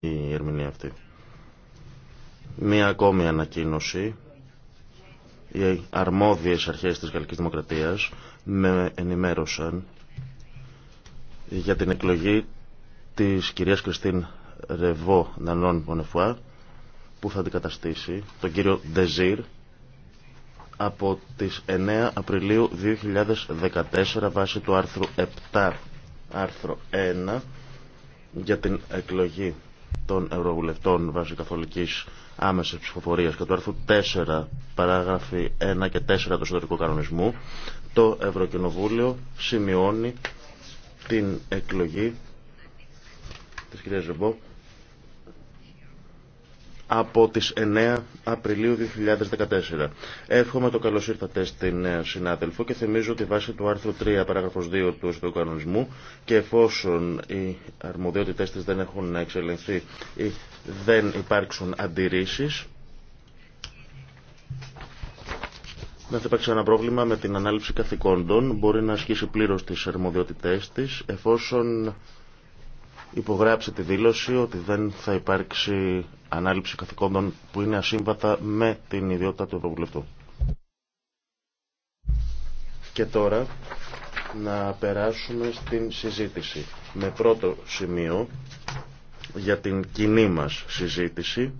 η ερμηνεία αυτή. Μία ακόμη ανακοίνωση. Οι αρμόδιες αρχές της Γαλλικής Δημοκρατίας με ενημέρωσαν για την εκλογή της κυρίας Κριστίν Ρεβό Νανών Μονεφουά που θα αντικαταστήσει τον κύριο Ντεζίρ από τις 9 Απριλίου 2014 βάσει του άρθρου 7 άρθρο 1 για την εκλογή των Ευρωβουλευτών βάσει Καθολική Άμεση ψηφοφορία και του άρθρου 4 παράγραφοι 1 και 4 του εσωτερικού κανονισμού το Ευρωκοινοβούλιο σημειώνει την εκλογή τη κυρία Ζεμπό από τις 9 Απριλίου 2014. Εύχομαι το καλώς ήρθατε στην ε, συνάδελφο και θυμίζω ότι βάσει του άρθρου 3 παράγραφος 2 του Ευρωπαϊκού Κανονισμού και εφόσον οι αρμοδιότητες της δεν έχουν να εξελιχθεί ή δεν υπάρξουν αντιρρήσεις Να θα υπάρξει ένα πρόβλημα με την ανάληψη καθηκόντων. Μπορεί να ασκήσει πλήρως τι αρμοδιότητε τη, εφόσον υπογράψει τη δήλωση ότι δεν θα υπάρξει ανάληψη καθηκόντων που είναι ασύμβατα με την ιδιότητα του Ευρωβουλευτού. Και τώρα να περάσουμε στην συζήτηση. Με πρώτο σημείο για την κοινή μας συζήτηση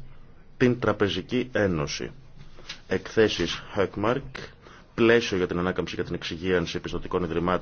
την Τραπεζική Ένωση. Εκθέσεις Huckmark πλαίσιο για την ανάκαμψη και την εξυγίανση επιστοτικών ιδρυμάτων